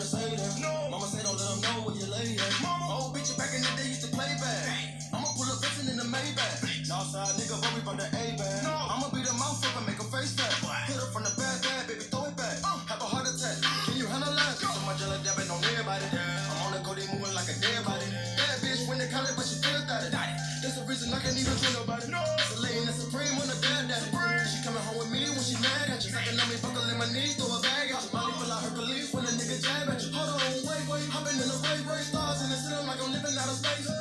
trying to save them. No. Mama said, don't let them know where you lay at. Mama. Old bitch, back in the day, used to play back. I'ma pull up vixen in the Maybach. Northside nigga, we about the a bag No. I'ma be the motherfucker, make a face back. Hit her from the bad, bad, baby, throw it back. Uh. Have a heart attack. Ah. Can you handle that? So much I like that, but no everybody. Yeah. I'm on the code, moving like a dead body. Bad bitch, when they call it, but she feel that it. That's the reason I can't even do nobody. No. It's a lady, that's supreme on the bad daddy. She coming home with me when she mad at you. Sucking on me, buckling my knees, throw a space.